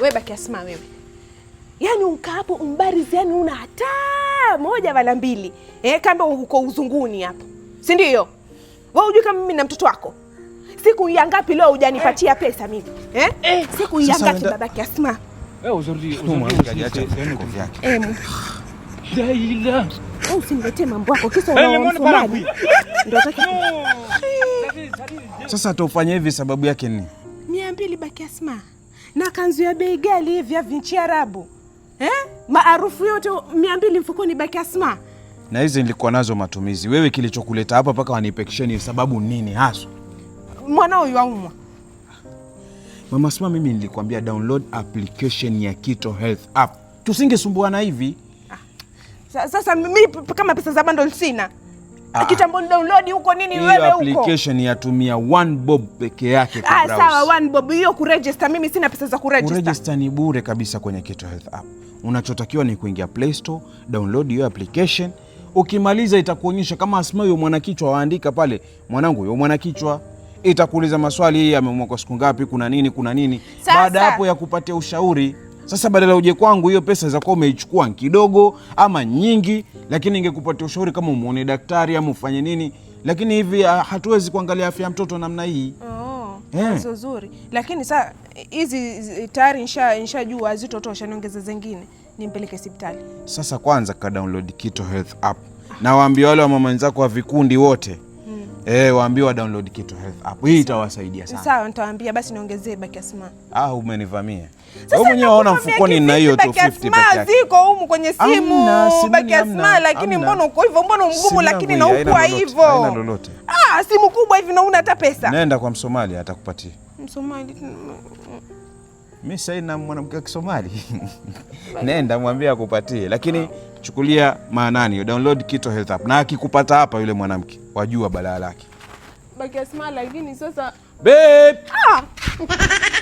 Wewe baki Asma wewe. Yaani unkaa hapo umbarizi, yani una hata moja wala mbili. Eh, kamba uko uzunguni hapo. Si ndio? Wewe unajua kama mimi na mtoto wako. Siku ya ngapi leo hujanipatia pesa mimi? Eh? eh? Siku ya ngapi babaki Asma? Eh, yaani eh, wewe uzuri uzuri Eh. Wewe usimletee mambo yako kisa unaona. Ndio Sasa tufanye hivi sababu yake nini? 200 baki Asma na kanzu ya bei ghali hivi ya Arabu eh? maarufu yote mia mbili mfukoni, baki Asma na hizi nilikuwa nazo matumizi. Wewe kilichokuleta hapa mpaka wanipekesheni sababu nini haswa? mwana huyu umwa Mama Asma, mimi nilikuambia download application ya Kito Health app, tusingesumbuana hivi. Ah. Sasa mimi kama pesa za bando sina Ah, ah, kitambo download huko nini wewe huko. Application yatumia one bob peke yake kwa browser. Ah, sawa one bob hiyo ku register, mimi sina pesa za ku register. Ku register ni bure kabisa kwenye Keto Health app. Unachotakiwa ni kuingia Play Store, download hiyo application. Ukimaliza itakuonyesha kama Asma huyo mwanakichwa, waandika pale mwanangu huyo mwanakichwa itakuuliza maswali, yeye ameumwa kwa siku ngapi, kuna nini, kuna nini. Baada hapo ya kupatia ushauri sasa badala uje kwangu, hiyo pesa za kuwa umeichukua kidogo ama nyingi, lakini ingekupatia ushauri kama umuone daktari ama ufanye nini, lakini hivi ah, hatuwezi kuangalia afya ya mtoto namna hii. Wazo oh, eh. zuri lakini saa hizi eh, tayari nishajua hazitotosha, niongeze zingine nimpeleke sipitali Sasa kwanza ka download Kito Health app, nawaambia wale mama wenzako wa vikundi wote Eh, waambiwa download Keto Health app. Hii itawasaidia sana. Sawa, nitawaambia basi niongezee baki sima. Ah, umenivamia. Wewe mwenyewe unaona mfukoni na hiyo 250 peke yake. Ziko humu kwenye simu. Baki sima lakini mbona uko hivyo? Mbona mgumu lakini na uko hivyo? Haina lolote. Ah, simu kubwa hivi na una hata pesa. Nenda kwa Msomali atakupatia. Msomali. Mimi sasa na mwanamke wa Kisomali. Nenda mwambie akupatie. Lakini wow. Chukulia maanani, download Kito Health app, na akikupata hapa yule mwanamke wajua balaa lake. Bakia Smala hivi sasa. Babe. Ah.